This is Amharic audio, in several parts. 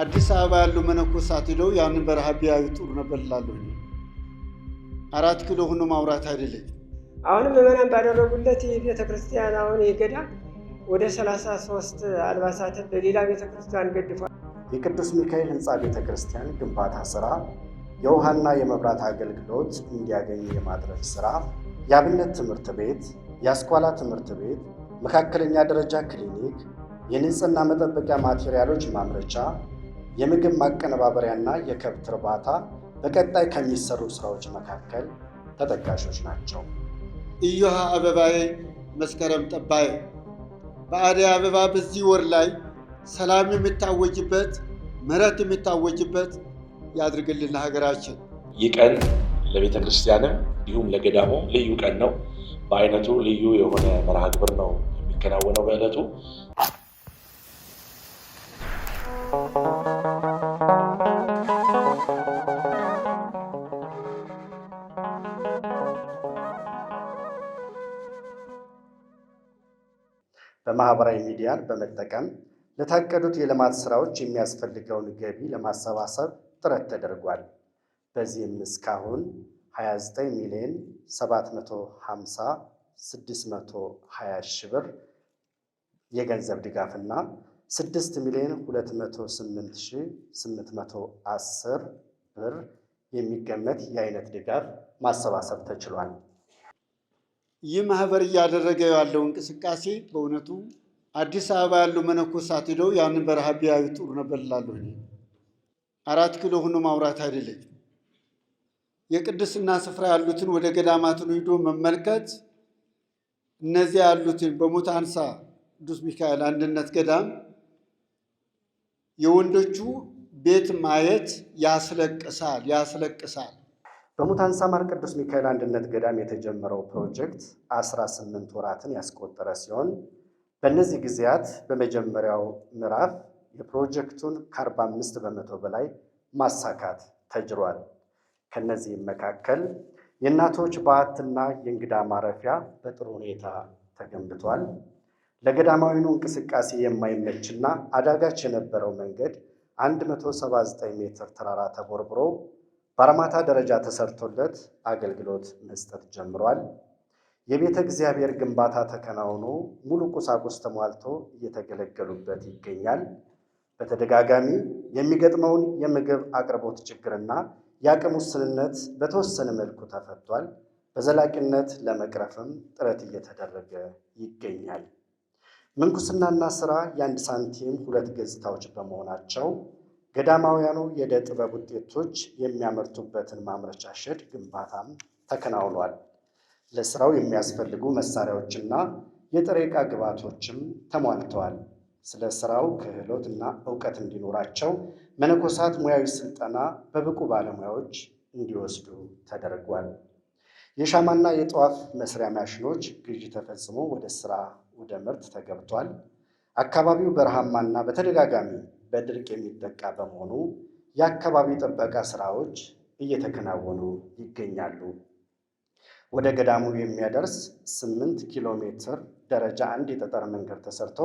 አዲስ አበባ ያሉ መነኮሳት ሄደው ያንን በረሃ ቢያዩ ጥሩ ነበር እላለሁ። አራት ኪሎ ሆኖ ማውራት አይደለም። አሁንም ምዕመናን ባደረጉለት ቤተክርስቲያን አሁን የገዳ ወደ 33 አልባሳትን ለሌላ ቤተክርስቲያን ገድፏል። የቅዱስ ሚካኤል ህንፃ ቤተክርስቲያን ግንባታ ስራ የውሃና የመብራት አገልግሎት እንዲያገኝ የማድረግ ስራ የአብነት ትምህርት ቤት፣ የአስኳላ ትምህርት ቤት፣ መካከለኛ ደረጃ ክሊኒክ፣ የንጽህና መጠበቂያ ማቴሪያሎች ማምረቻ የምግብ ማቀነባበሪያና የከብት እርባታ በቀጣይ ከሚሰሩ ስራዎች መካከል ተጠቃሾች ናቸው። እዮሃ አበባዬ መስከረም ጠባዬ በአደይ አበባ በዚህ ወር ላይ ሰላም የሚታወጅበት ምሕረት የሚታወጅበት ያድርግልን ሀገራችን። ይህ ቀን ለቤተ ክርስቲያንም እንዲሁም ለገዳሙ ልዩ ቀን ነው። በአይነቱ ልዩ የሆነ መርሃ ግብር ነው የሚከናወነው በዕለቱ። በማህበራዊ ሚዲያን በመጠቀም ለታቀዱት የልማት ስራዎች የሚያስፈልገውን ገቢ ለማሰባሰብ ጥረት ተደርጓል። በዚህም እስካሁን 29 ሚሊዮን 750,620 ሺህ ብር የገንዘብ ድጋፍና 6 ሚሊዮን 208,810 ብር የሚገመት የአይነት ድጋፍ ማሰባሰብ ተችሏል። ይህ ማህበር እያደረገ ያለው እንቅስቃሴ በእውነቱ አዲስ አበባ ያሉ መነኮሳት ሄደው ያንን በረሃ ቢያዩ ጥሩ ነበር እላለሁ። አራት ኪሎ ሆኖ ማውራት አይደለም። የቅድስና ስፍራ ያሉትን ወደ ገዳማትን ሂዶ መመልከት እነዚያ ያሉትን በሞት አንሳ ቅዱስ ሚካኤል አንድነት ገዳም የወንዶቹ ቤት ማየት ያስለቅሳል ያስለቅሳል። በሙታንሳ ማር ቅዱስ ሚካኤል አንድነት ገዳም የተጀመረው ፕሮጀክት 18 ወራትን ያስቆጠረ ሲሆን በእነዚህ ጊዜያት በመጀመሪያው ምዕራፍ የፕሮጀክቱን ከ45 በመቶ በላይ ማሳካት ተጅሯል። ከነዚህም መካከል የእናቶች በዓትና የእንግዳ ማረፊያ በጥሩ ሁኔታ ተገንብቷል። ለገዳማዊኑ እንቅስቃሴ የማይመችና አዳጋች የነበረው መንገድ 179 ሜትር ተራራ ተቦርብሮ በአርማታ ደረጃ ተሰርቶለት አገልግሎት መስጠት ጀምሯል። የቤተ እግዚአብሔር ግንባታ ተከናውኖ ሙሉ ቁሳቁስ ተሟልቶ እየተገለገሉበት ይገኛል። በተደጋጋሚ የሚገጥመውን የምግብ አቅርቦት ችግርና የአቅም ውስንነት በተወሰነ መልኩ ተፈቷል። በዘላቂነት ለመቅረፍም ጥረት እየተደረገ ይገኛል። ምንኩስናና ስራ የአንድ ሳንቲም ሁለት ገጽታዎች በመሆናቸው ገዳማውያኑ የእደ ጥበብ ውጤቶች የሚያመርቱበትን ማምረቻ ሸድ ግንባታም ተከናውኗል። ለስራው የሚያስፈልጉ መሳሪያዎችና የጥሬ ዕቃ ግብዓቶችም ተሟልተዋል። ስለ ስራው ክህሎትና እውቀት እንዲኖራቸው መነኮሳት ሙያዊ ስልጠና በብቁ ባለሙያዎች እንዲወስዱ ተደርጓል። የሻማና የጠዋፍ መስሪያ ማሽኖች ግዢ ተፈጽሞ ወደ ስራ ወደ ምርት ተገብቷል። አካባቢው በረሃማና በተደጋጋሚ በድርቅ የሚጠቃ በመሆኑ የአካባቢ ጥበቃ ስራዎች እየተከናወኑ ይገኛሉ። ወደ ገዳሙ የሚያደርስ ስምንት ኪሎ ሜትር ደረጃ አንድ የጠጠር መንገድ ተሰርቶ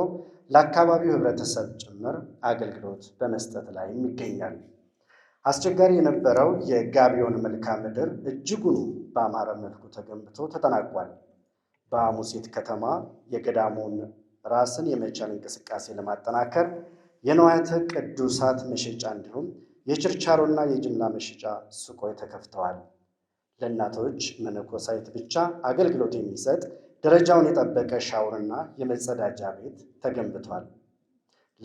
ለአካባቢው ህብረተሰብ ጭምር አገልግሎት በመስጠት ላይ ይገኛል። አስቸጋሪ የነበረው የጋቢዮን መልክዓ ምድር እጅጉኑ በአማረ መልኩ ተገንብቶ ተጠናቋል። በሐሙሲት ከተማ የገዳሙን ራስን የመቻል እንቅስቃሴ ለማጠናከር የነዋያተ ቅዱሳት መሸጫ እንዲሁም የችርቻሮና የጅምላ መሸጫ ሱቆች ተከፍተዋል። ለእናቶች መነኮሳይት ብቻ አገልግሎት የሚሰጥ ደረጃውን የጠበቀ ሻወርና የመጸዳጃ ቤት ተገንብቷል።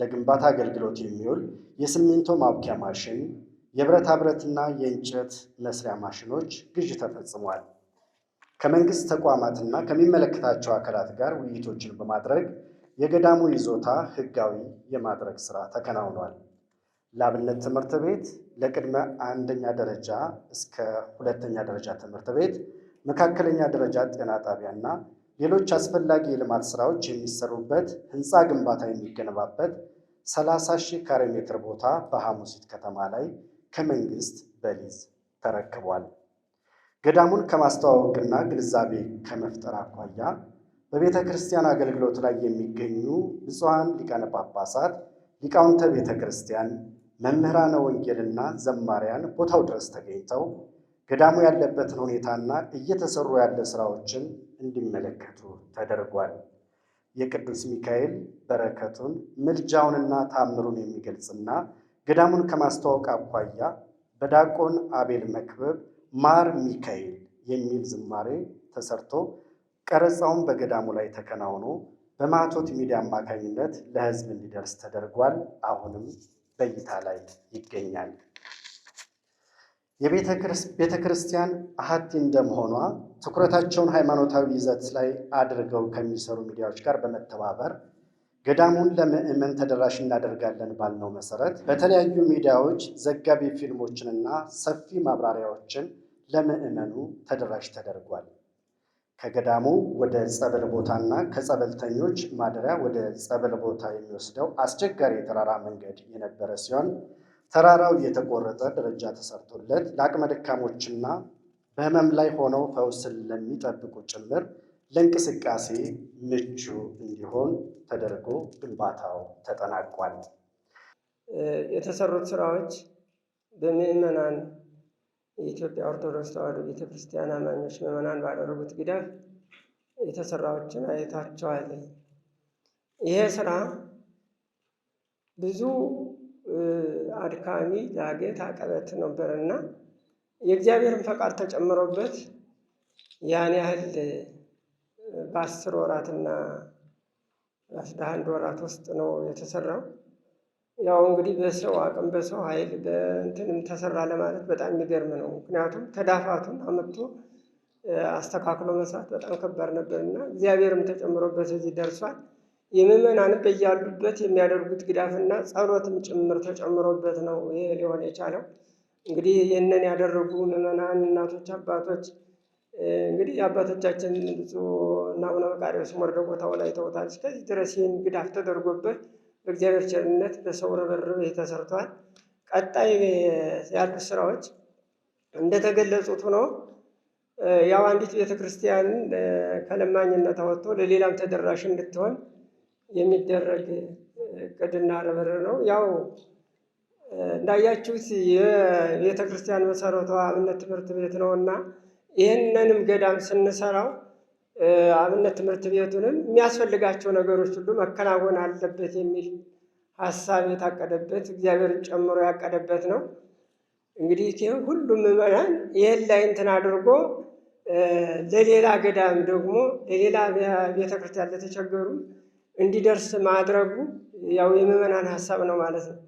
ለግንባታ አገልግሎት የሚውል የሲሚንቶ ማውኪያ ማሽን፣ የብረታ ብረትና የእንጨት መስሪያ ማሽኖች ግዥ ተፈጽሟል። ከመንግስት ተቋማትና ከሚመለከታቸው አካላት ጋር ውይይቶችን በማድረግ የገዳሙ ይዞታ ህጋዊ የማድረግ ሥራ ተከናውኗል። ለአብነት ትምህርት ቤት ለቅድመ አንደኛ ደረጃ እስከ ሁለተኛ ደረጃ ትምህርት ቤት፣ መካከለኛ ደረጃ ጤና ጣቢያ እና ሌሎች አስፈላጊ የልማት ስራዎች የሚሰሩበት ህንፃ ግንባታ የሚገነባበት 30 ሺህ ካሬ ሜትር ቦታ በሐሙሲት ከተማ ላይ ከመንግስት በሊዝ ተረክቧል። ገዳሙን ከማስተዋወቅና ግንዛቤ ከመፍጠር አኳያ በቤተ ክርስቲያን አገልግሎት ላይ የሚገኙ ብፁዓን ሊቃነ ጳጳሳት፣ ሊቃውንተ ቤተ ክርስቲያን፣ መምህራነ ወንጌልና ዘማሪያን ቦታው ድረስ ተገኝተው ገዳሙ ያለበትን ሁኔታና እየተሰሩ ያለ ስራዎችን እንዲመለከቱ ተደርጓል። የቅዱስ ሚካኤል በረከቱን ምልጃውንና ታምሩን የሚገልጽና ገዳሙን ከማስተዋወቅ አኳያ በዲያቆን አቤል መክበብ ማር ሚካኤል የሚል ዝማሬ ተሰርቶ ቀረጻውም በገዳሙ ላይ ተከናውኖ በማቶት ሚዲያ አማካኝነት ለህዝብ እንዲደርስ ተደርጓል። አሁንም በእይታ ላይ ይገኛል። የቤተ ክርስቲያን አሀቲ እንደመሆኗ ትኩረታቸውን ሃይማኖታዊ ይዘት ላይ አድርገው ከሚሰሩ ሚዲያዎች ጋር በመተባበር ገዳሙን ለምዕመን ተደራሽ እናደርጋለን ባልነው መሰረት በተለያዩ ሚዲያዎች ዘጋቢ ፊልሞችንና ሰፊ ማብራሪያዎችን ለምዕመኑ ተደራሽ ተደርጓል። ከገዳሙ ወደ ጸበል ቦታና ከጸበልተኞች ማደሪያ ወደ ጸበል ቦታ የሚወስደው አስቸጋሪ የተራራ መንገድ የነበረ ሲሆን ተራራው የተቆረጠ ደረጃ ተሰርቶለት ለአቅመ ደካሞችና በህመም ላይ ሆነው ፈውስን ለሚጠብቁ ጭምር ለእንቅስቃሴ ምቹ እንዲሆን ተደርጎ ግንባታው ተጠናቋል። የተሰሩት ስራዎች በምዕመናን የኢትዮጵያ ኦርቶዶክስ ተዋሕዶ ቤተክርስቲያን አማኞች ምዕመናን ባደረጉት ግዳፍ የተሰራዎችን አይታቸዋል። ይሄ ስራ ብዙ አድካሚ ዳገት አቀበት ነበር እና የእግዚአብሔርን ፈቃድ ተጨምሮበት ያን ያህል በአስር ወራትና በአስራ አንድ ወራት ውስጥ ነው የተሰራው። ያው እንግዲህ በሰው አቅም በሰው ኃይል በእንትንም ተሰራ ለማለት በጣም የሚገርም ነው። ምክንያቱም ተዳፋቱን አመጥቶ አስተካክሎ መስራት በጣም ከባድ ነበር እና እግዚአብሔርም ተጨምሮበት እዚህ ደርሷል። የምዕመናንም በያሉበት የሚያደርጉት ግዳፍና ጸሎትም ጭምር ተጨምሮበት ነው ይሄ ሊሆን የቻለው። እንግዲህ ይህንን ያደረጉ ምዕመናን፣ እናቶች፣ አባቶች እንግዲህ የአባቶቻችን ብፁዕ አቡነ መቃርዮስ ወርደ ቦታው ላይ ተውታል። እስከዚህ ድረስ ይህን ግዳፍ ተደርጎበት በእግዚአብሔር ቸርነት በሰው ርብርብ ተሰርቷል። ቀጣይ ያሉት ስራዎች እንደተገለጹት ሆኖ ያው አንዲት ክርስቲያን ከለማኝነት አወጥቶ ለሌላም ተደራሽ እንድትሆን የሚደረግ እቅድና ረበር ነው። ያው እንዳያችሁት የቤተክርስቲያን መሰረቷ እምነት ትምህርት ቤት ነው እና ይህንንም ገዳም ስንሰራው አብነት ትምህርት ቤቱንም የሚያስፈልጋቸው ነገሮች ሁሉ መከናወን አለበት የሚል ሀሳብ የታቀደበት እግዚአብሔርን ጨምሮ ያቀደበት ነው። እንግዲህ ሁሉም ምዕመናን ይህን ላይ እንትን አድርጎ ለሌላ ገዳም ደግሞ ለሌላ ቤተክርስቲያን ለተቸገሩ እንዲደርስ ማድረጉ ያው የምዕመናን ሀሳብ ነው ማለት ነው።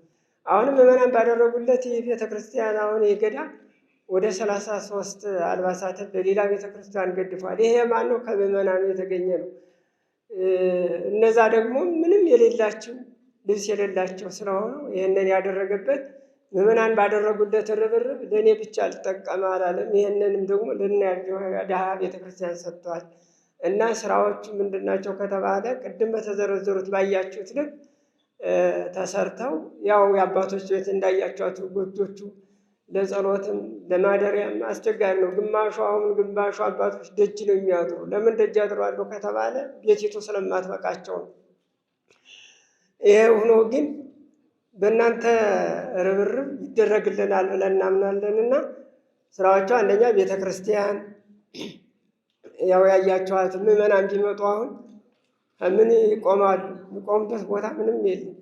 አሁንም ምዕመናን ባደረጉለት ይህ ቤተክርስቲያን አሁን ይህ ገዳም ወደ ሰላሳ ሶስት አልባሳትን ለሌላ ቤተክርስቲያን ገድፏል። ይሄ ማን ነው? ከምዕመናኑ የተገኘ ነው። እነዛ ደግሞ ምንም የሌላቸው ልብስ የሌላቸው ስለሆኑ ይህንን ያደረገበት ምመናን ባደረጉለት ርብርብ ለእኔ ብቻ አልጠቀም አላለም። ይህንንም ደግሞ ለድሃ ቤተክርስቲያን ሰጥቷል። እና ስራዎቹ ምንድናቸው ከተባለ ቅድም በተዘረዘሩት ባያችሁት ልብ ተሰርተው ያው የአባቶች ቤት እንዳያቸዋቸው ጎጆቹ ለጸሎትም ለማደሪያም አስቸጋሪ ነው። ግማሹ አሁን ግማሹ አባቶች ደጅ ነው የሚያድሩ። ለምን ደጅ ያድራሉ ከተባለ ቤቲቱ ስለማትበቃቸው ነው። ይሄ ሆኖ ግን በእናንተ ርብርብ ይደረግልናል ብለን እናምናለን እና ስራዎቸው አንደኛ ቤተ ክርስቲያን ያው ያያቸዋት ምዕመናን ቢመጡ አሁን ምን ይቆማሉ? የሚቆሙበት ቦታ ምንም የለም።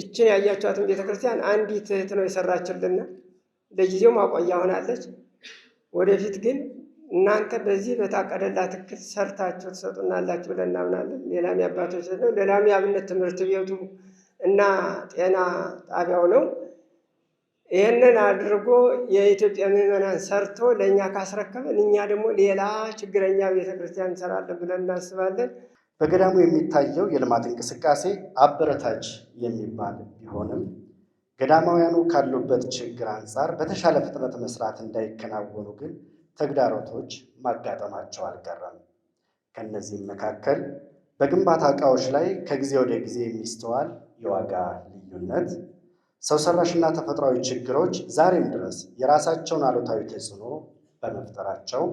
እችን ያያቸዋትን ቤተክርስቲያን አንዲት እህት ነው የሰራችልና ለጊዜው ማቆያ ሆናለች። ወደፊት ግን እናንተ በዚህ በታቀደላት እቅድ ሰርታችሁ ትሰጡናላችሁ ብለን እናምናለን። ሌላሚ አባቶች ነው፣ ሌላሚ አብነት ትምህርት ቤቱ እና ጤና ጣቢያው ነው። ይህንን አድርጎ የኢትዮጵያ ምዕመናን ሰርቶ ለእኛ ካስረከበን እኛ ደግሞ ሌላ ችግረኛ ቤተክርስቲያን እንሰራለን ብለን እናስባለን። በገዳሙ የሚታየው የልማት እንቅስቃሴ አበረታች የሚባል ቢሆንም ገዳማውያኑ ካሉበት ችግር አንጻር በተሻለ ፍጥነት መስራት እንዳይከናወኑ ግን ተግዳሮቶች ማጋጠማቸው አልቀረም። ከእነዚህም መካከል በግንባታ እቃዎች ላይ ከጊዜ ወደ ጊዜ የሚስተዋል የዋጋ ልዩነት፣ ሰው ሰራሽና ተፈጥሯዊ ችግሮች ዛሬም ድረስ የራሳቸውን አሉታዊ ተጽዕኖ በመፍጠራቸው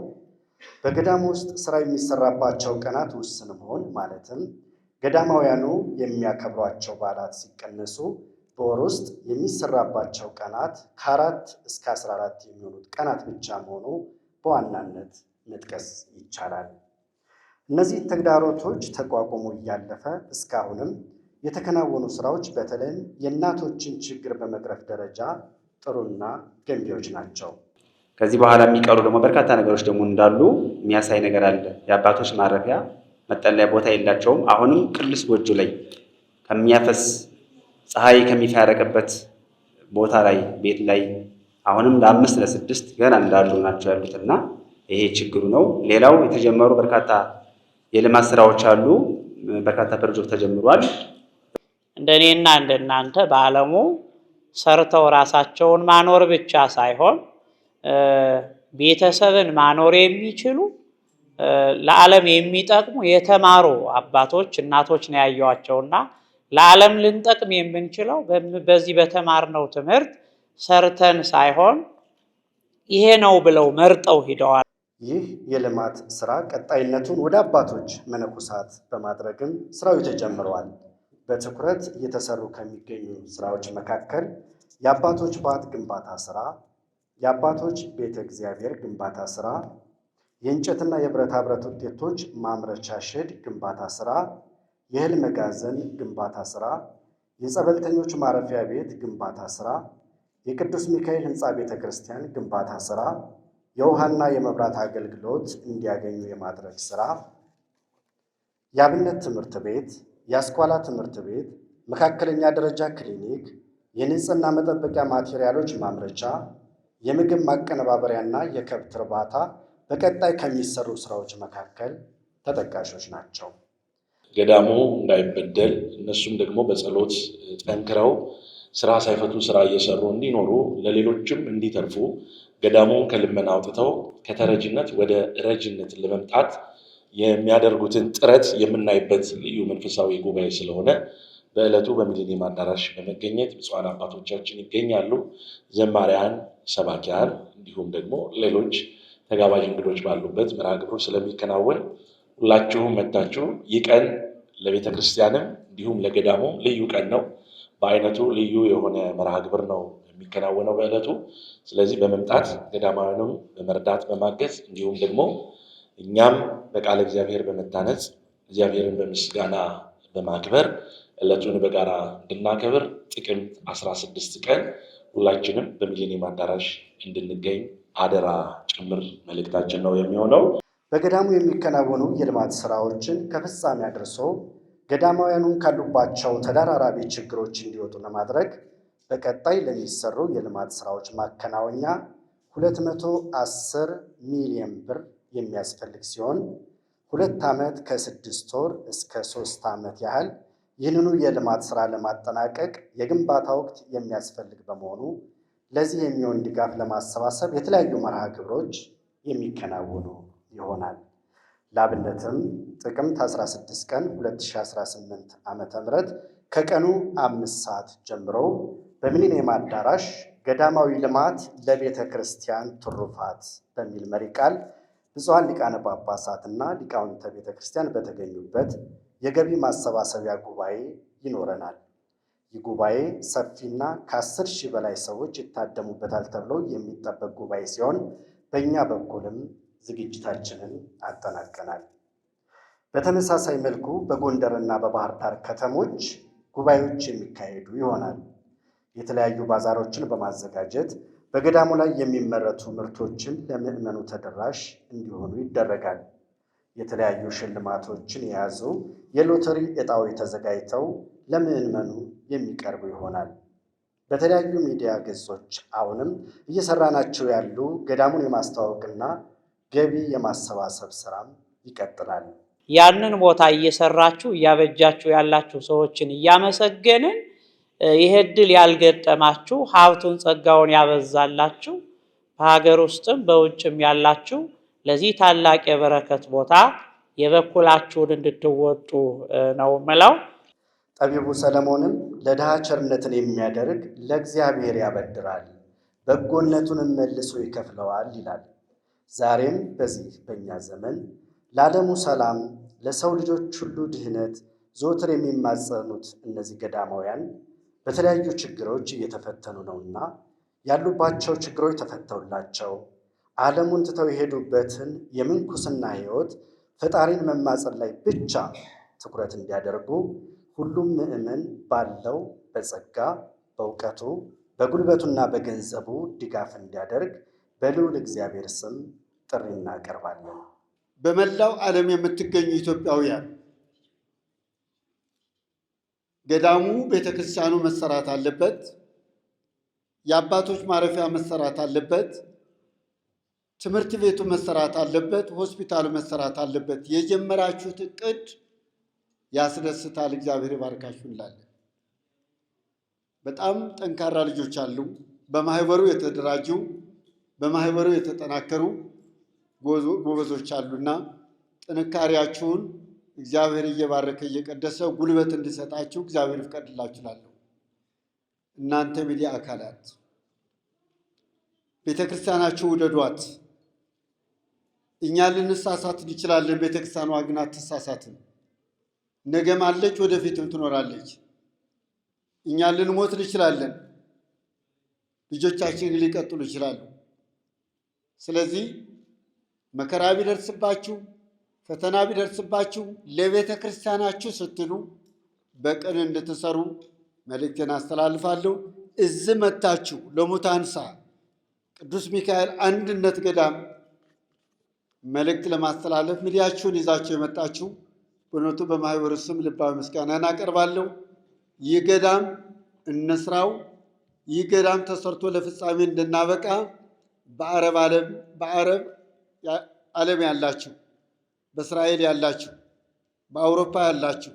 በገዳም ውስጥ ስራ የሚሰራባቸው ቀናት ውስን መሆን ማለትም ገዳማውያኑ የሚያከብሯቸው በዓላት ሲቀነሱ በወር ውስጥ የሚሰራባቸው ቀናት ከአራት እስከ 14 የሚሆኑት ቀናት ብቻ መሆኑ በዋናነት መጥቀስ ይቻላል። እነዚህ ተግዳሮቶች ተቋቁሞ እያለፈ እስካሁንም የተከናወኑ ስራዎች በተለይም የእናቶችን ችግር በመቅረፍ ደረጃ ጥሩና ገንቢዎች ናቸው። ከዚህ በኋላ የሚቀሩ ደግሞ በርካታ ነገሮች ደግሞ እንዳሉ የሚያሳይ ነገር አለ። የአባቶች ማረፊያ መጠለያ ቦታ የላቸውም። አሁንም ቅልስ ጎጆ ላይ ከሚያፈስ ፀሐይ ከሚፈረቅበት ቦታ ላይ ቤት ላይ አሁንም ለአምስት ለስድስት ገና እንዳሉ ናቸው ያሉት እና ይሄ ችግሩ ነው። ሌላው የተጀመሩ በርካታ የልማት ስራዎች አሉ። በርካታ ፕሮጀክት ተጀምሯል። እንደኔና እንደናንተ በዓለሙ ሰርተው ራሳቸውን ማኖር ብቻ ሳይሆን ቤተሰብን ማኖር የሚችሉ ለዓለም የሚጠቅሙ የተማሩ አባቶች እናቶች ነው ያየዋቸውና ለዓለም ልንጠቅም የምንችለው በዚህ በተማርነው ትምህርት ሰርተን ሳይሆን ይሄ ነው ብለው መርጠው ሂደዋል። ይህ የልማት ስራ ቀጣይነቱን ወደ አባቶች መነኮሳት በማድረግም ስራው ተጀምረዋል። በትኩረት እየተሰሩ ከሚገኙ ስራዎች መካከል የአባቶች ባት ግንባታ ስራ፣ የአባቶች ቤተ እግዚአብሔር ግንባታ ስራ፣ የእንጨትና የብረታ ብረት ውጤቶች ማምረቻ ሼድ ግንባታ ስራ የእህል መጋዘን ግንባታ ስራ፣ የጸበልተኞች ማረፊያ ቤት ግንባታ ስራ፣ የቅዱስ ሚካኤል ህንፃ ቤተ ክርስቲያን ግንባታ ስራ፣ የውሃና የመብራት አገልግሎት እንዲያገኙ የማድረግ ስራ፣ የአብነት ትምህርት ቤት፣ የአስኳላ ትምህርት ቤት፣ መካከለኛ ደረጃ ክሊኒክ፣ የንጽህና መጠበቂያ ማቴሪያሎች ማምረቻ፣ የምግብ ማቀነባበሪያና የከብት እርባታ በቀጣይ ከሚሰሩ ስራዎች መካከል ተጠቃሾች ናቸው። ገዳሙ እንዳይበደል እነሱም ደግሞ በጸሎት ጠንክረው ስራ ሳይፈቱ ስራ እየሰሩ እንዲኖሩ ለሌሎችም እንዲተርፉ ገዳሙን ከልመና አውጥተው ከተረጅነት ወደ ረጅነት ለመምጣት የሚያደርጉትን ጥረት የምናይበት ልዩ መንፈሳዊ ጉባኤ ስለሆነ በዕለቱ በሚሊኒየም አዳራሽ በመገኘት ብፁዓን አባቶቻችን ይገኛሉ። ዘማሪያን፣ ሰባኪያን እንዲሁም ደግሞ ሌሎች ተጋባዥ እንግዶች ባሉበት መርሃ ግብሩ ስለሚከናወን ሁላችሁም መታችሁ ይቀን ለቤተ ክርስቲያንም እንዲሁም ለገዳሙም ልዩ ቀን ነው። በአይነቱ ልዩ የሆነ መርሃ ግብር ነው የሚከናወነው በዕለቱ። ስለዚህ በመምጣት ገዳማውያኑም በመርዳት በማገዝ እንዲሁም ደግሞ እኛም በቃለ እግዚአብሔር በመታነጽ እግዚአብሔርን በምስጋና በማክበር ዕለቱን በጋራ እንድናከብር ጥቅምት 16 ቀን ሁላችንም በሚሊኒየም አዳራሽ እንድንገኝ አደራ ጭምር መልእክታችን ነው የሚሆነው። በገዳሙ የሚከናወኑ የልማት ስራዎችን ከፍጻሜ አድርሶ ገዳማውያኑን ካሉባቸው ተደራራቢ ችግሮች እንዲወጡ ለማድረግ በቀጣይ ለሚሰሩ የልማት ስራዎች ማከናወኛ 210 ሚሊዮን ብር የሚያስፈልግ ሲሆን ሁለት ዓመት ከስድስት ወር እስከ ሶስት ዓመት ያህል ይህንኑ የልማት ስራ ለማጠናቀቅ የግንባታ ወቅት የሚያስፈልግ በመሆኑ ለዚህ የሚሆን ድጋፍ ለማሰባሰብ የተለያዩ መርሃ ግብሮች የሚከናወኑ ይሆናል። ላብነትም ጥቅምት 16 ቀን 2018 ዓ ም ከቀኑ አምስት ሰዓት ጀምሮ በሚሊኒየም አዳራሽ ገዳማዊ ልማት ለቤተ ክርስቲያን ትሩፋት በሚል መሪ ቃል ብፁዓን ሊቃነ ጳጳሳትና ሊቃውንተ ቤተ ክርስቲያን በተገኙበት የገቢ ማሰባሰቢያ ጉባኤ ይኖረናል። ይህ ጉባኤ ሰፊና ከአስር ሺህ በላይ ሰዎች ይታደሙበታል ተብሎ የሚጠበቅ ጉባኤ ሲሆን በእኛ በኩልም ዝግጅታችንን አጠናቀናል። በተመሳሳይ መልኩ በጎንደርና በባህር ዳር ከተሞች ጉባኤዎች የሚካሄዱ ይሆናል። የተለያዩ ባዛሮችን በማዘጋጀት በገዳሙ ላይ የሚመረቱ ምርቶችን ለምዕመኑ ተደራሽ እንዲሆኑ ይደረጋል። የተለያዩ ሽልማቶችን የያዙ የሎተሪ ዕጣዎች ተዘጋጅተው ለምዕመኑ የሚቀርቡ ይሆናል። በተለያዩ ሚዲያ ገጾች አሁንም እየሰራናቸው ያሉ ገዳሙን የማስተዋወቅና ገቢ የማሰባሰብ ስራም ይቀጥላል። ያንን ቦታ እየሰራችሁ እያበጃችሁ ያላችሁ ሰዎችን እያመሰገንን ይሄ እድል ያልገጠማችሁ ሀብቱን ጸጋውን ያበዛላችሁ በሀገር ውስጥም በውጭም ያላችሁ ለዚህ ታላቅ የበረከት ቦታ የበኩላችሁን እንድትወጡ ነው ምለው። ጠቢቡ ሰለሞንም ለድሃ ቸርነትን የሚያደርግ ለእግዚአብሔር ያበድራል፣ በጎነቱንም መልሶ ይከፍለዋል ይላል። ዛሬም በዚህ በእኛ ዘመን ለዓለሙ ሰላም ለሰው ልጆች ሁሉ ድህነት ዘወትር የሚማጸኑት እነዚህ ገዳማውያን በተለያዩ ችግሮች እየተፈተኑ ነውና ያሉባቸው ችግሮች ተፈተውላቸው ዓለሙን ትተው የሄዱበትን የምንኩስና ሕይወት ፈጣሪን መማጸን ላይ ብቻ ትኩረት እንዲያደርጉ ሁሉም ምዕመን ባለው በጸጋ በእውቀቱ በጉልበቱና በገንዘቡ ድጋፍ እንዲያደርግ በልዑል እግዚአብሔር ስም ጥሪ እናቀርባለን። በመላው ዓለም የምትገኙ ኢትዮጵያውያን ገዳሙ ቤተክርስቲያኑ መሰራት አለበት፣ የአባቶች ማረፊያ መሰራት አለበት፣ ትምህርት ቤቱ መሰራት አለበት፣ ሆስፒታሉ መሰራት አለበት። የጀመራችሁት እቅድ ያስደስታል። እግዚአብሔር ይባርካችሁ እንላለን። በጣም ጠንካራ ልጆች አሉ፣ በማህበሩ የተደራጁ በማህበሩ የተጠናከሩ ጎበዞች አሉና ጥንካሬያችሁን እግዚአብሔር እየባረከ እየቀደሰ ጉልበት እንዲሰጣችሁ እግዚአብሔር ይፍቀድላችሁ እላለሁ። እናንተ ሚዲያ አካላት ቤተክርስቲያናችሁ ውደዷት። እኛ ልንሳሳት እንችላለን። ቤተክርስቲያኗ ግን አትሳሳትም። ነገም አለች፣ ወደፊትም ትኖራለች። እኛ ልንሞት እንችላለን፣ ልጆቻችን ሊቀጥሉ ይችላሉ። ስለዚህ መከራ ቢደርስባችሁ፣ ፈተና ቢደርስባችሁ ለቤተ ክርስቲያናችሁ ስትሉ በቅን እንድትሰሩ መልእክትን አስተላልፋለሁ። እዚህ መታችሁ ለሙታንሳ ቅዱስ ሚካኤል አንድነት ገዳም መልእክት ለማስተላለፍ ሚዲያችሁን ይዛችሁ የመጣችሁ በእውነቱ በማህበሩ ስም ልባዊ ምስጋናን አቀርባለሁ። ይህ ገዳም እንስራው፣ ይህ ገዳም ተሰርቶ ለፍጻሜ እንድናበቃ በአረብ ዓለም በአረብ ዓለም ያላችሁ፣ በእስራኤል ያላችሁ፣ በአውሮፓ ያላችሁ፣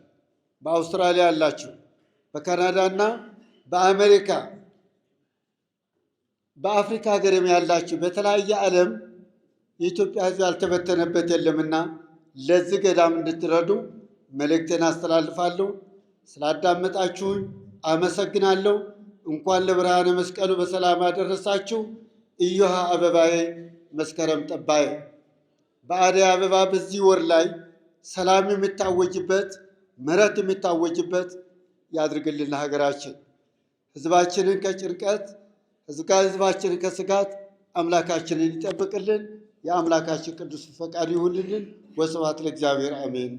በአውስትራሊያ ያላችሁ፣ በካናዳ እና በአሜሪካ በአፍሪካ ሀገርም ያላችሁ በተለያየ ዓለም የኢትዮጵያ ሕዝብ ያልተበተነበት የለምና ለዚህ ገዳም እንድትረዱ መልእክቴን አስተላልፋለሁ። ስላዳመጣችሁኝ አመሰግናለሁ። እንኳን ለብርሃነ መስቀሉ በሰላም አደረሳችሁ። እዮሃ አበባዬ መስከረም ጠባዬ። በአደይ አበባ በዚህ ወር ላይ ሰላም የሚታወጅበት ምሕረት የሚታወጅበት ያድርግልን ሀገራችን፣ ህዝባችንን ከጭንቀት ህዝባችንን ከስጋት አምላካችንን ይጠብቅልን። የአምላካችን ቅዱስ ፈቃድ ይሁንልን። ወስብሐት ለእግዚአብሔር አሜን።